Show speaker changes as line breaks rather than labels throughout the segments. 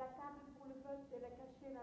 la table pour le peuple de la cacher là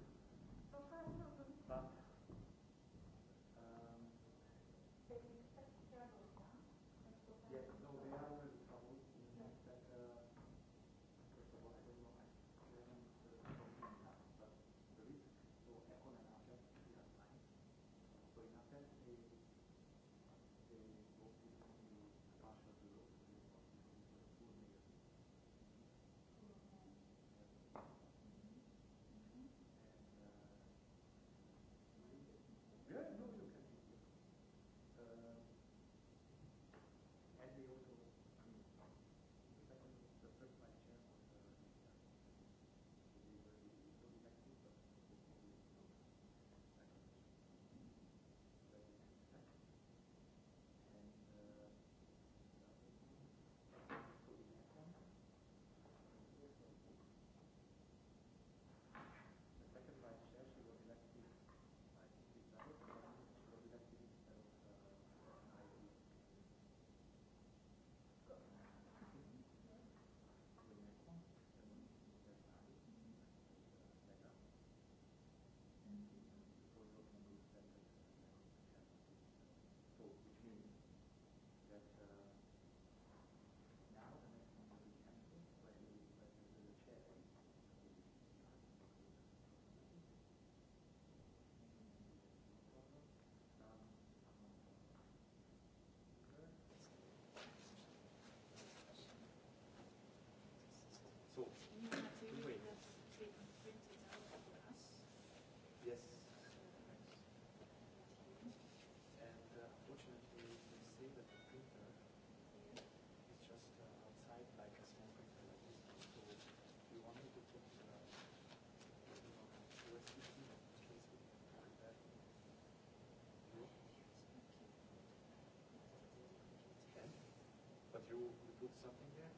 put something there?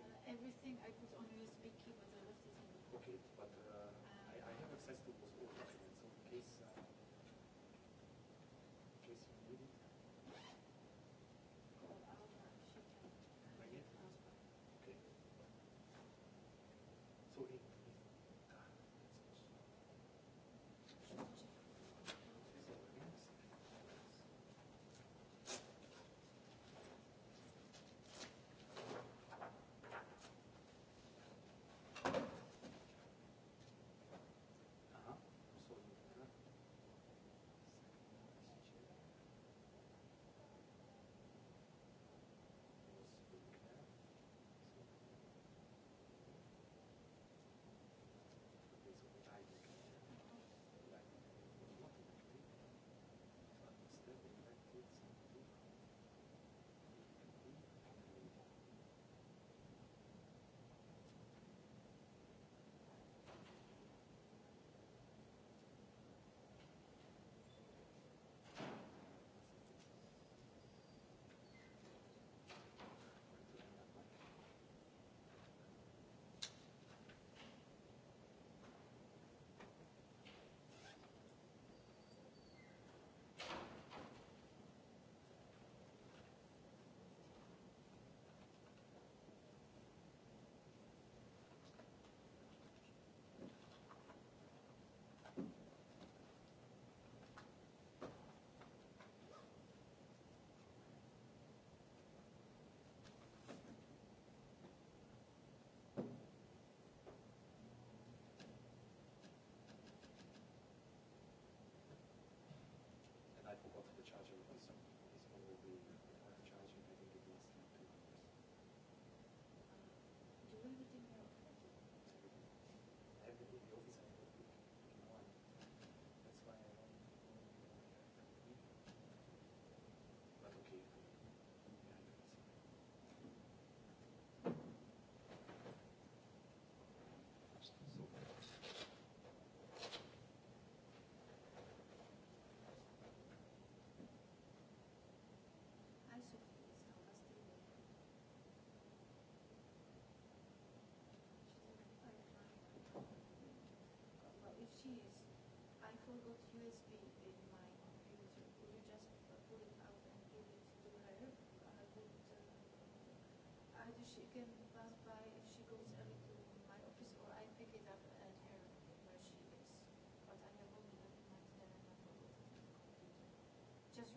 Uh,
everything I put on USB key,
but I left it in Okay, but uh, uh, I, I have access to those old documents, so in case... Uh,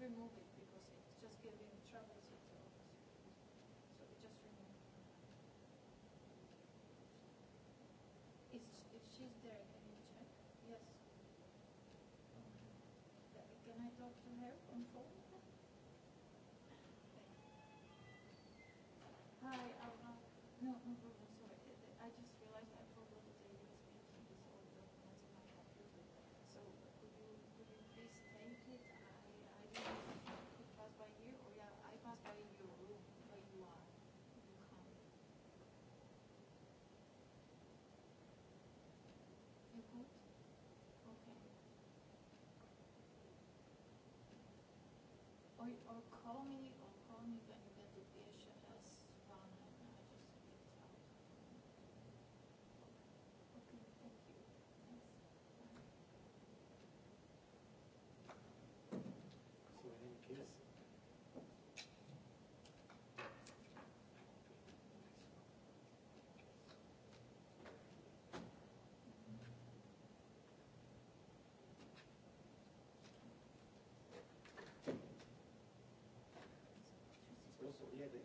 remove it because it's just giving trouble to the So we just remove it. Is, if she's there, can you check? Yes. Can I talk to her on phone?
or call me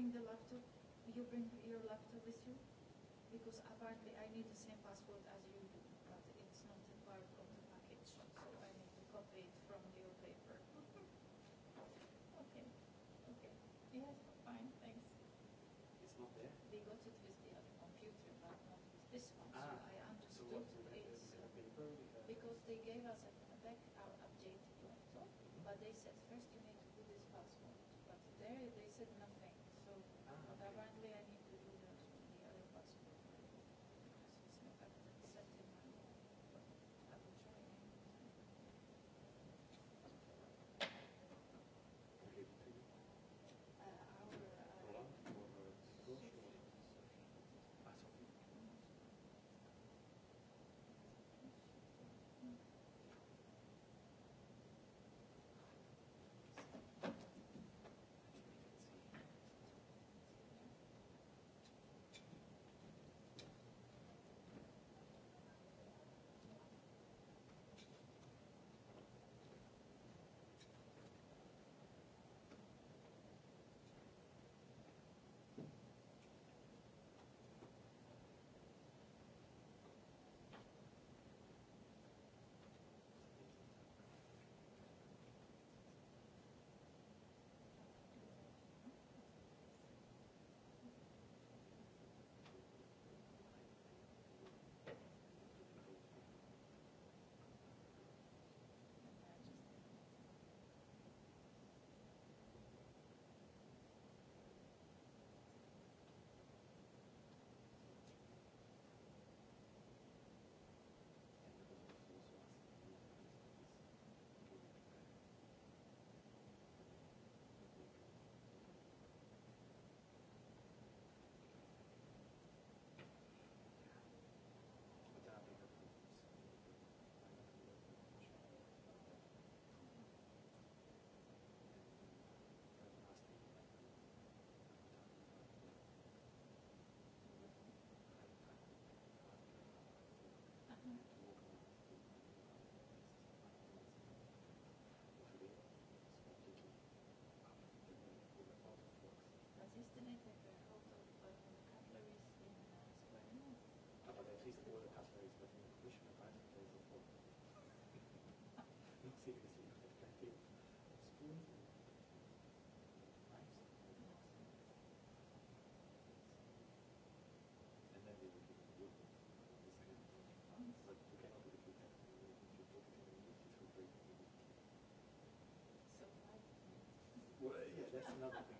bring the laptop? You bring your laptop with you? Because apparently I need the same password as you do, but it's not a part of the package, so I need to copy it from your paper. okay, okay. Yes, fine, thanks. It's not there? They got it with the other computer, but not with this one, ah, so I understood so it's... Uh, paper because, because they gave us a back our updated laptop, mm -hmm. but they said first you need to do this password. But there they said not.
that's
another thing.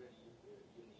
very unique.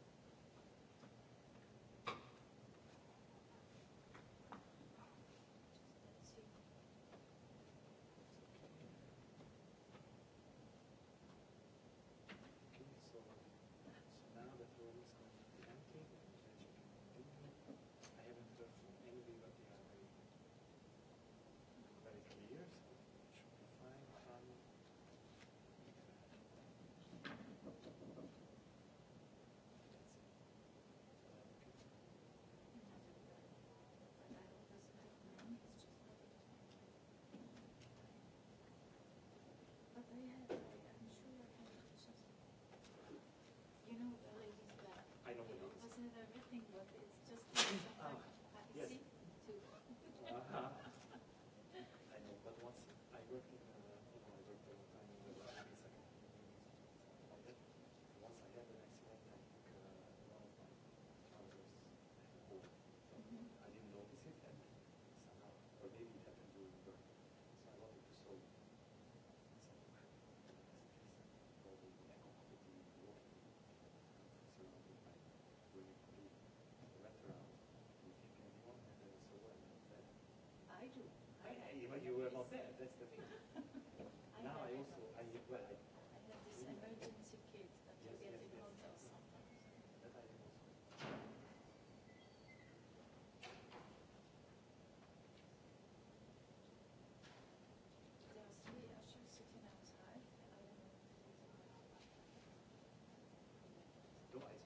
think what is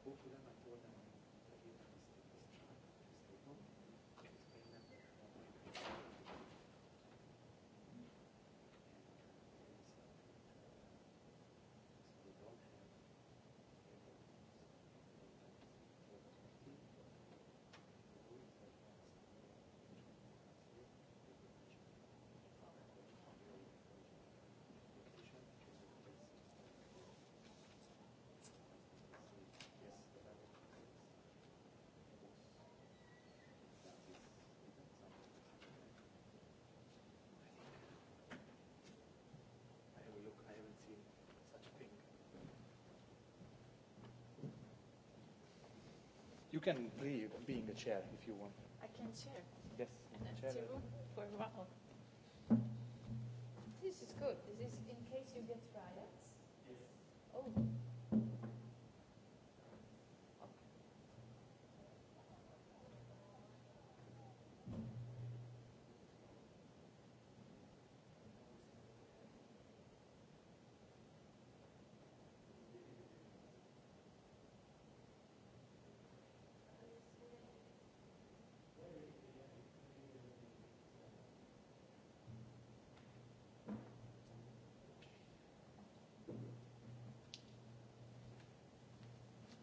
hopefully that You can leave being a chair if you want.
I can chair.
Yes. And chair. for a while.
This is good. This is in case you get riots. Yes. Oh.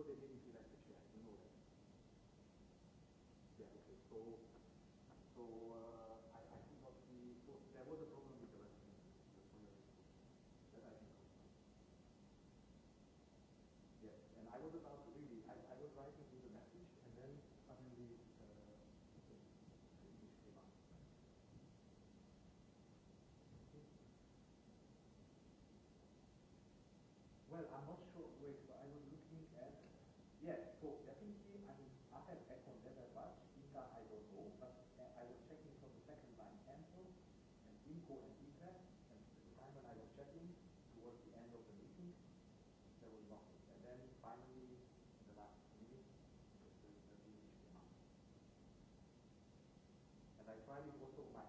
sure uh, and I was about to really, I, I was writing the message, and then suddenly uh, the English came out. Well, I'm not sure. Wait. private also might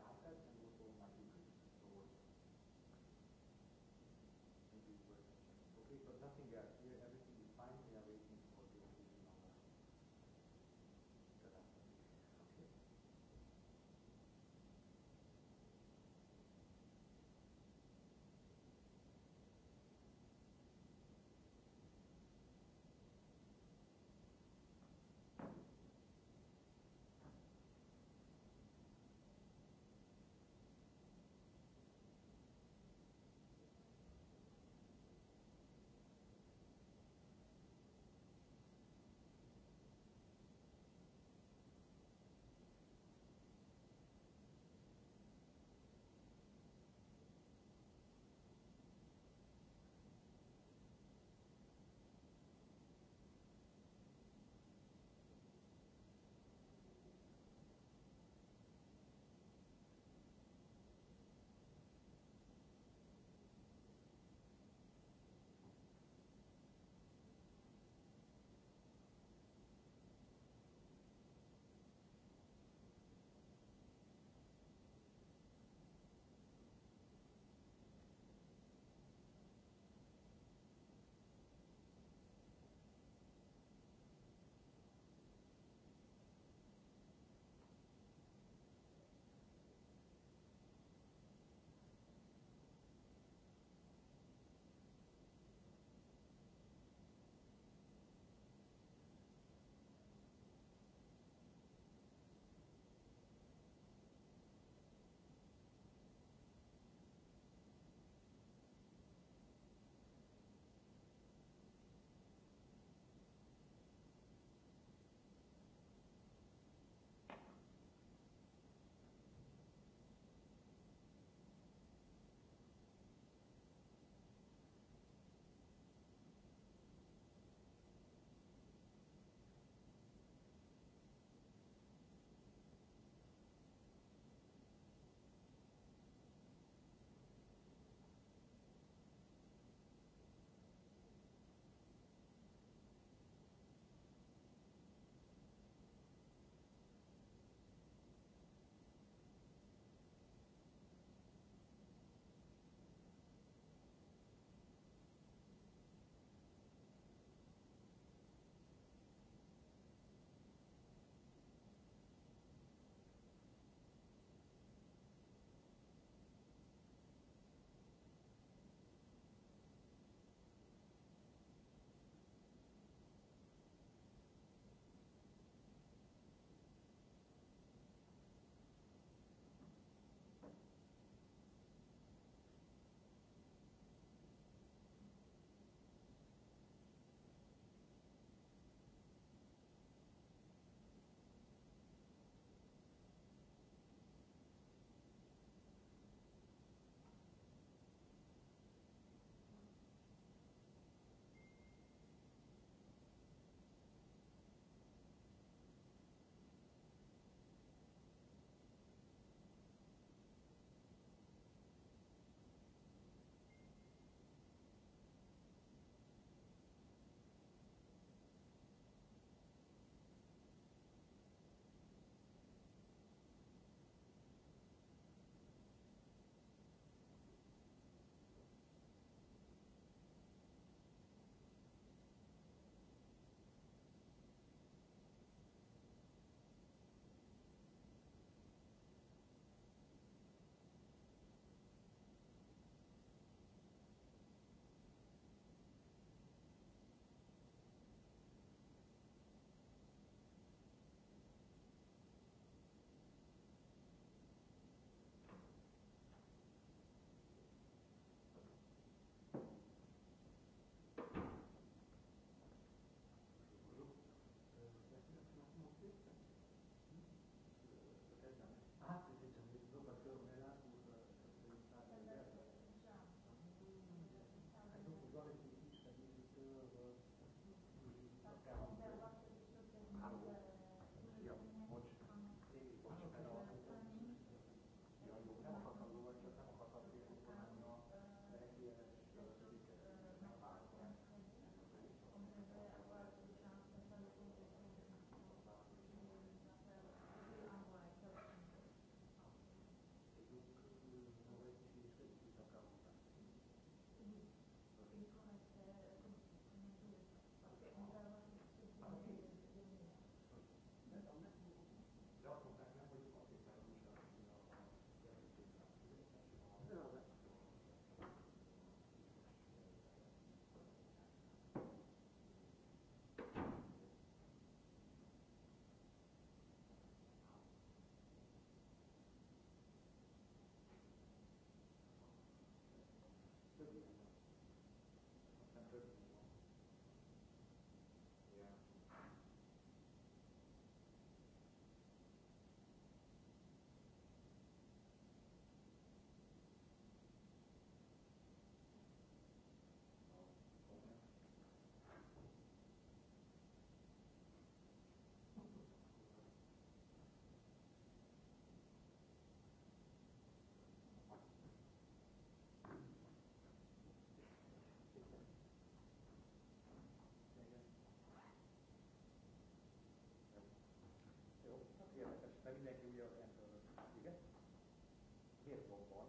térkobba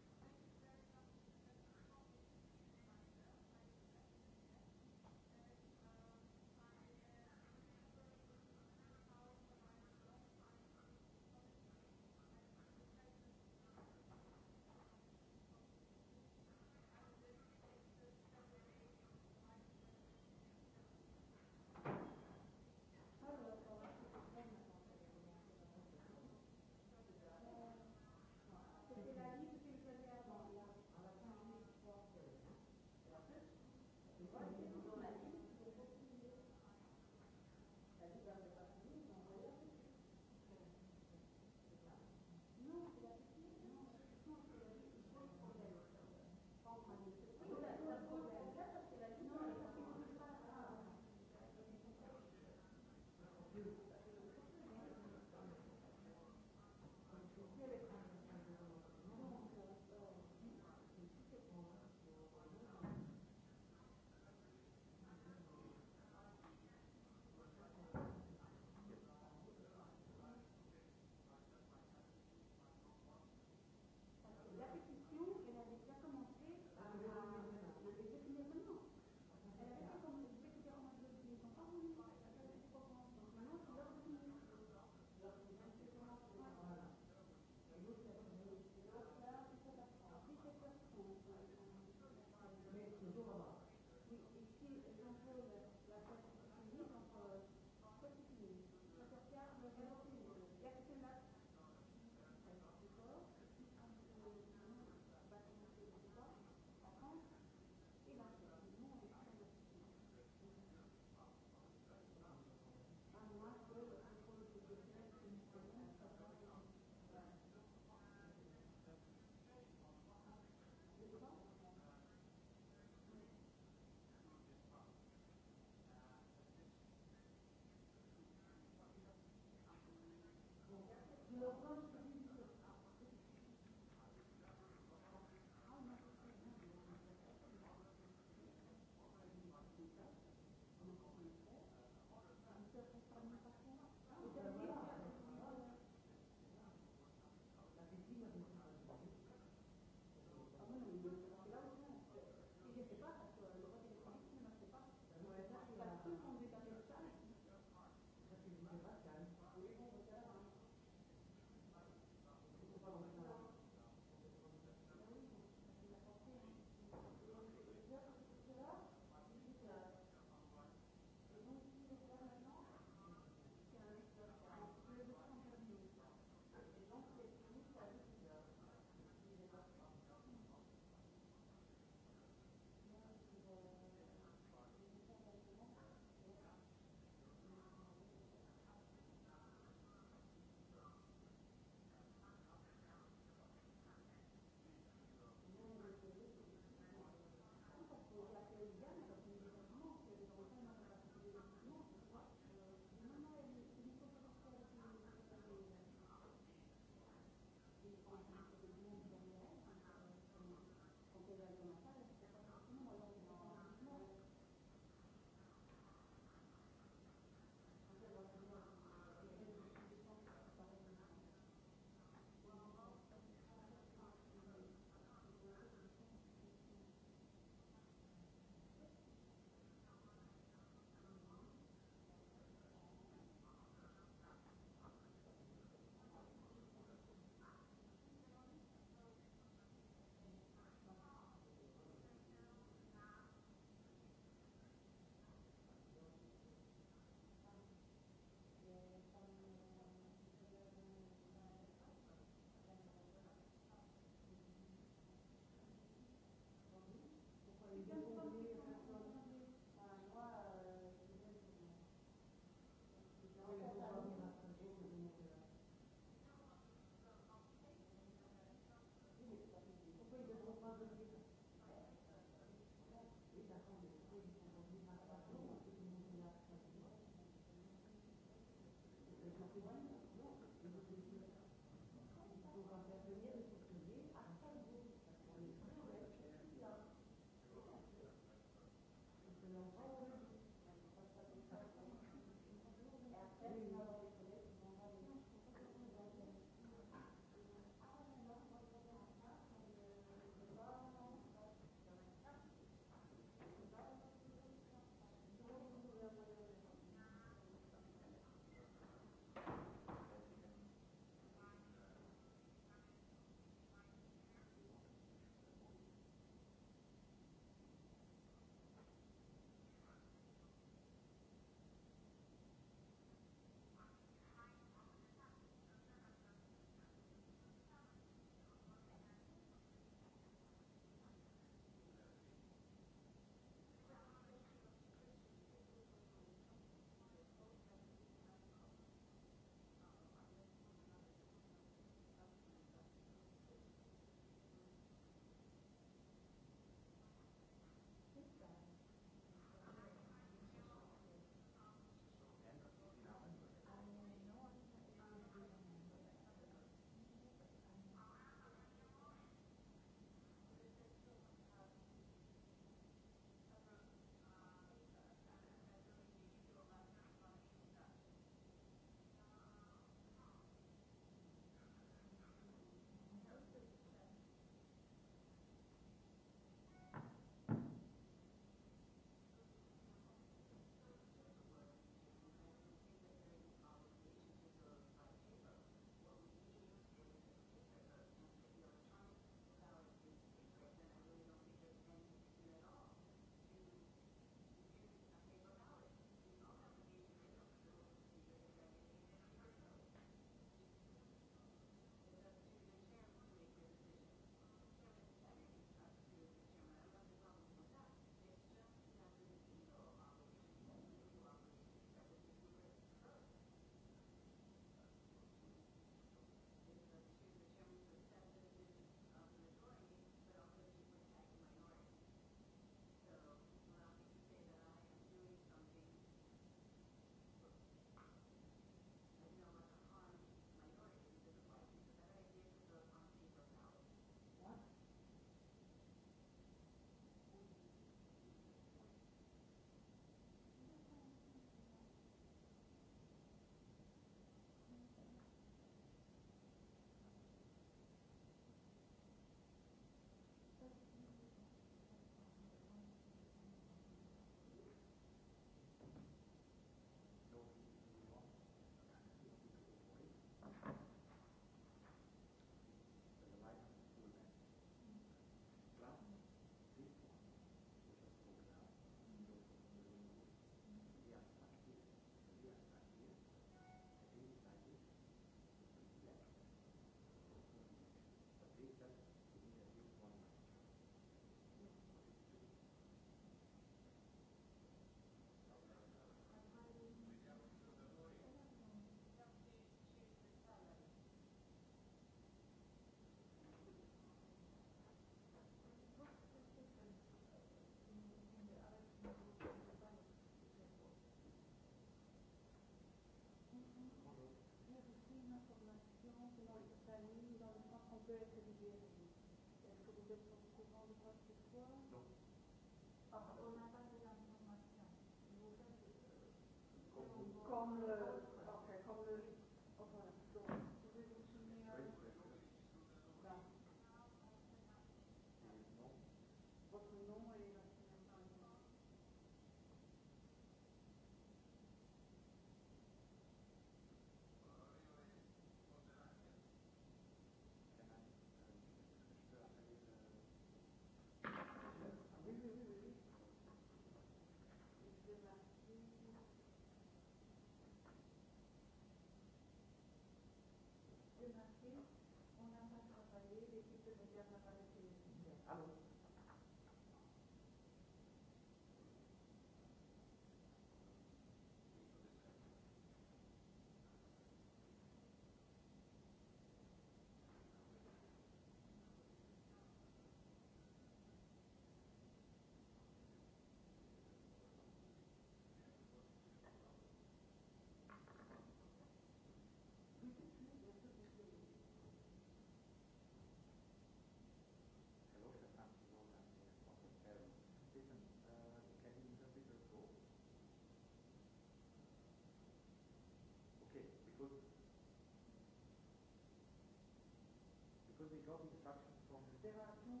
Job, ich habe von Literatur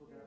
oder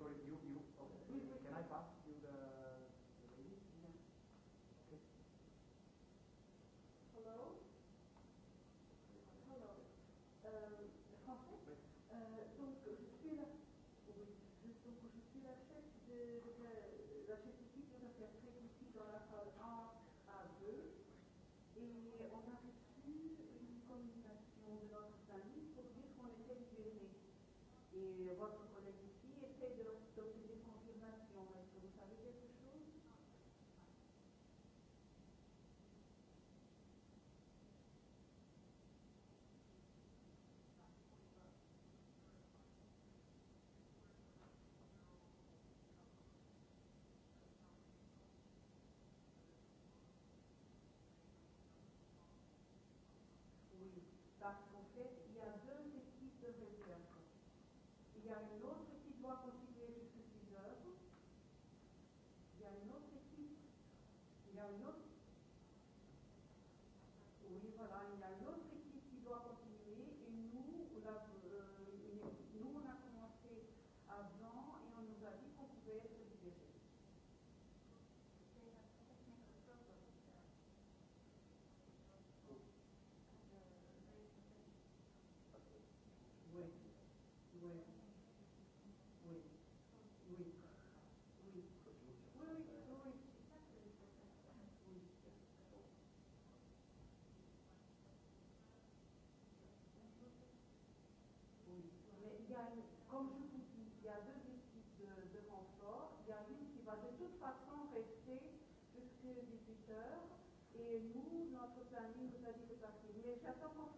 il y a une autre és hát a tokok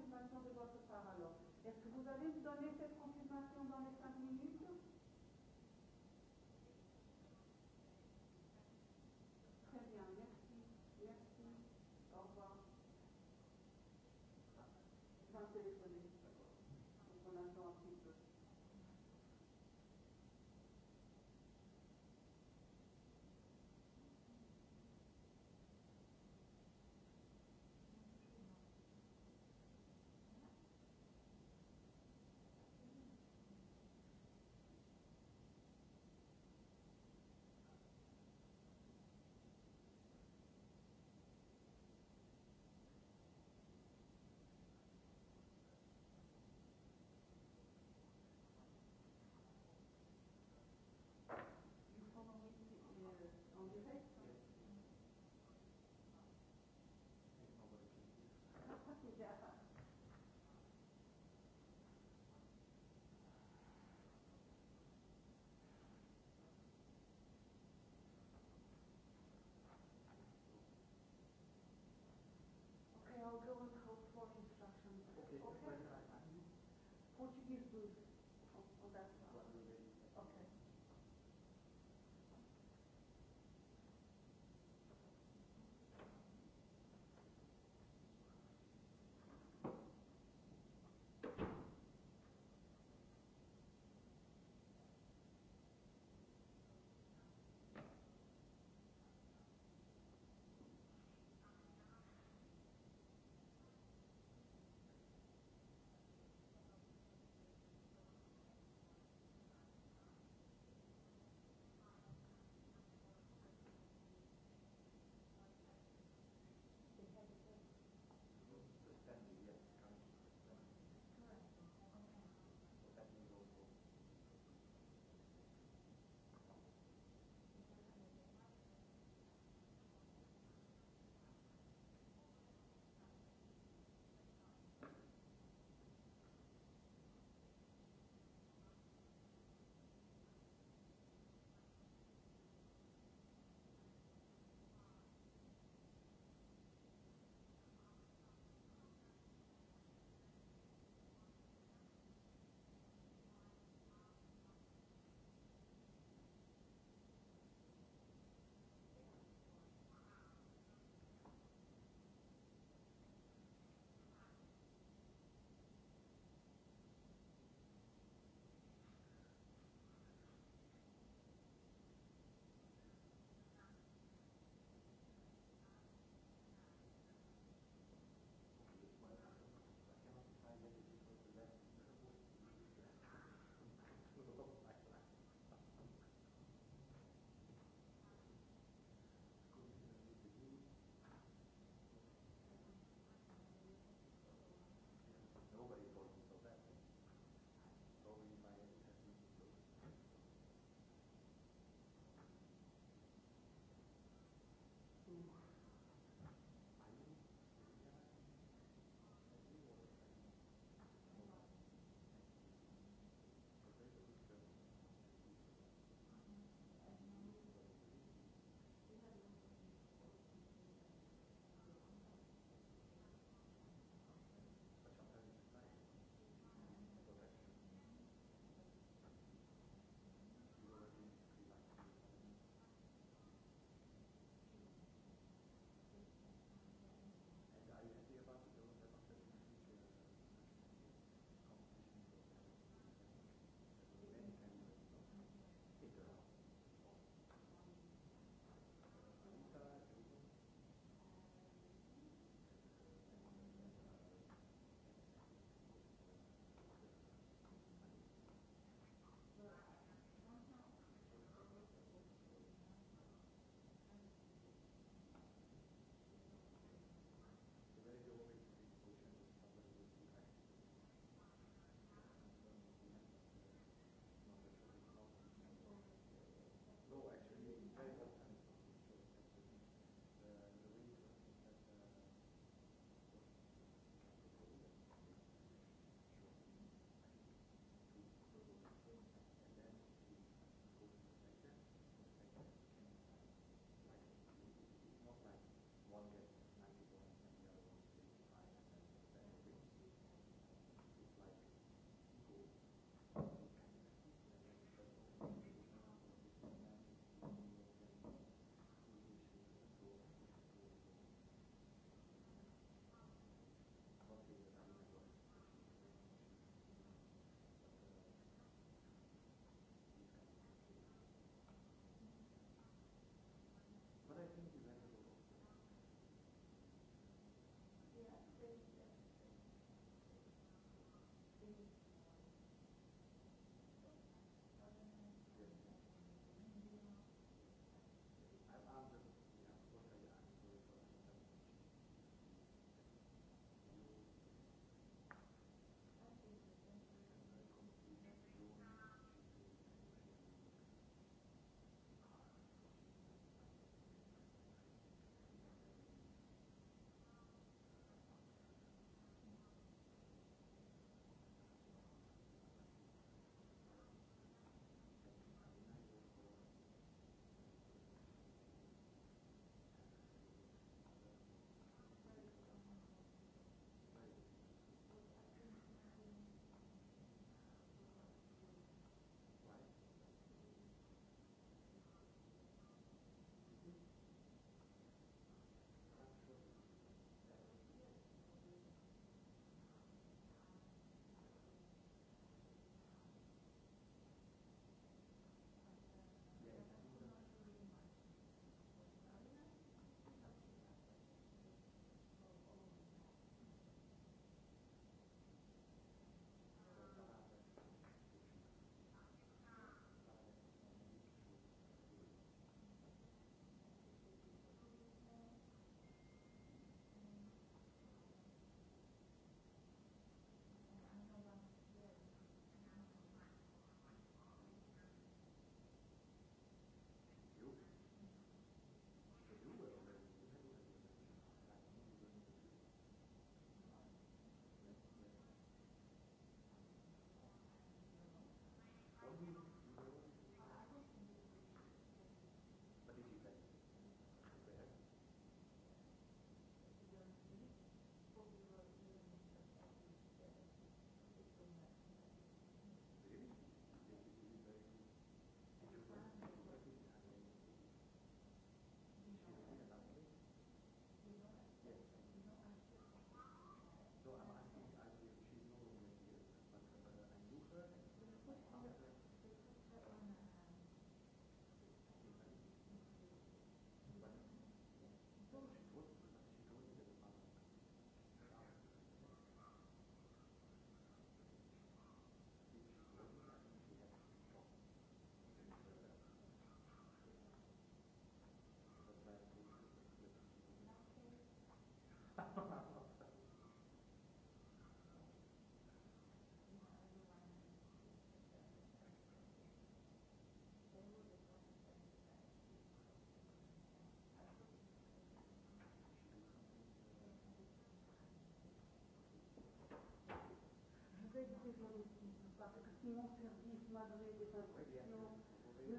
ces politiques, parce que si mon service m'a donné des de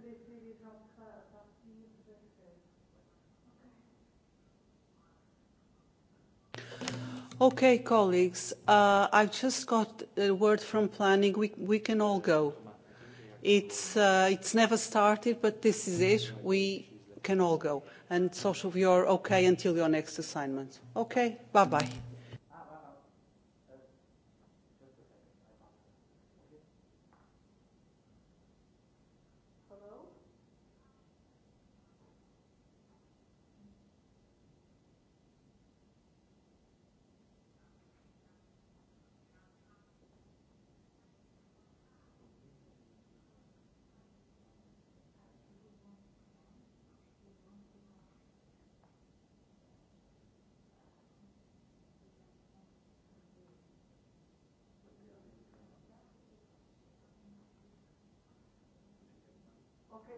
laisser les gens partir, je le
Okay, colleagues, uh, I've just got a word from planning. We, we can all go. It's, uh, it's never started, but this is it. We can all go. And social, you're okay until your next assignment. Okay, bye-bye.